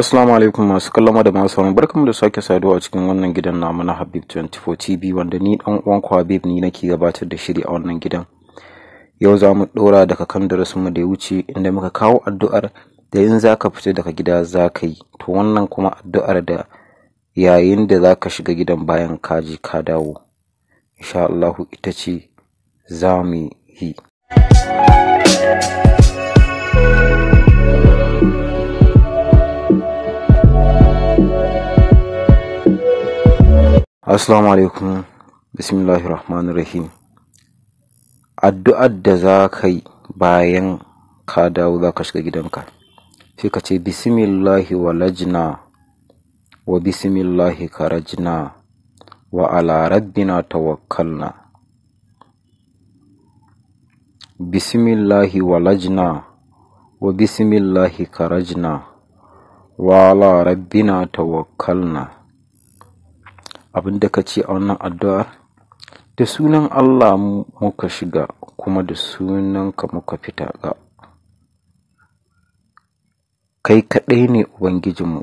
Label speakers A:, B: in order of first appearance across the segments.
A: Assalamu alaikum masu kallama da masu sauran barkamu da sake saduwa a cikin wannan gidan namu na Habib 24 TV wanda ni dan uwan ku Habib ni nake gabatar da shiri a wannan gidan. Yau za mu dora daga kan darasin mu da ya wuce inda muka kawo addu'ar da in zaka fita daga gida zaka yi to wannan kuma addu'ar da yayin da za ka shiga gidan bayan ka je ka dawo. Insha Allah ita ce za mu yi. Assalamu alaikum bismillahirrahmanirrahim addu'ar da za ka yi bayan ka dawo za ka shiga gidanka sai ka ce bismillahi walajna wa bismillahi karajna wa ala rabbina tawakkalna bismillahi walajna wa bismillahi karajna wa ala rabbina tawakkalna abin da ka ce a wannan addu'ar, da sunan Allah muka shiga kuma da sunanka muka fita ga kai kaɗai ne ubangijinmu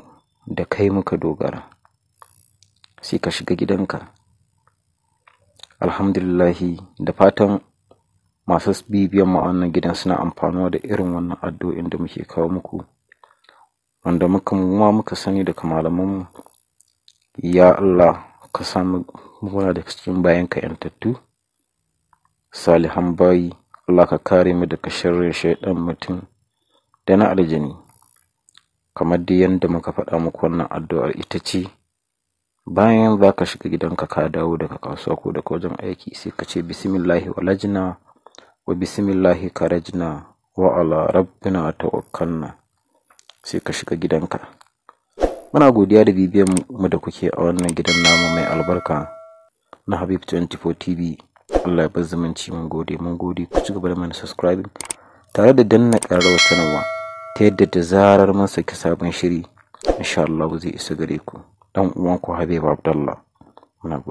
A: da kai muka dogara sai ka shiga gidanka alhamdulillahi da fatan masu bibiyan mu gidan suna amfaniwa da irin wannan addu'o'in da muke kawo muku wanda muka muka sani daga malamanmu ya Allah ka samu muna daga cikin bayan bayanka ‘yantattu, salihan bayi, Allah ka kare mu daga sharrin shaidan mutum da na aljani. Kamar da yadda muka faɗa muku wannan addu'ar ita ce, bayan za ka shiga gidanka ka dawo daga kasuwa ko daga wajen aiki sai ka ce bismillahi lajina wa bismillahi rajina wa ala rabbina tawakkalna sai ka shiga gidanka. muna godiya da bibiyan mu da kuke a wannan gidan namu mai albarka na habib 24 tv allah ya bar zumunci mun gode mun gode ku ci gaba da mana subscribing tare da danna ƙararrawar sanarwa ta yadda da zarar mun saki sabon shiri insha allah zai isa gare ku dan uwanku habib Abdullah muna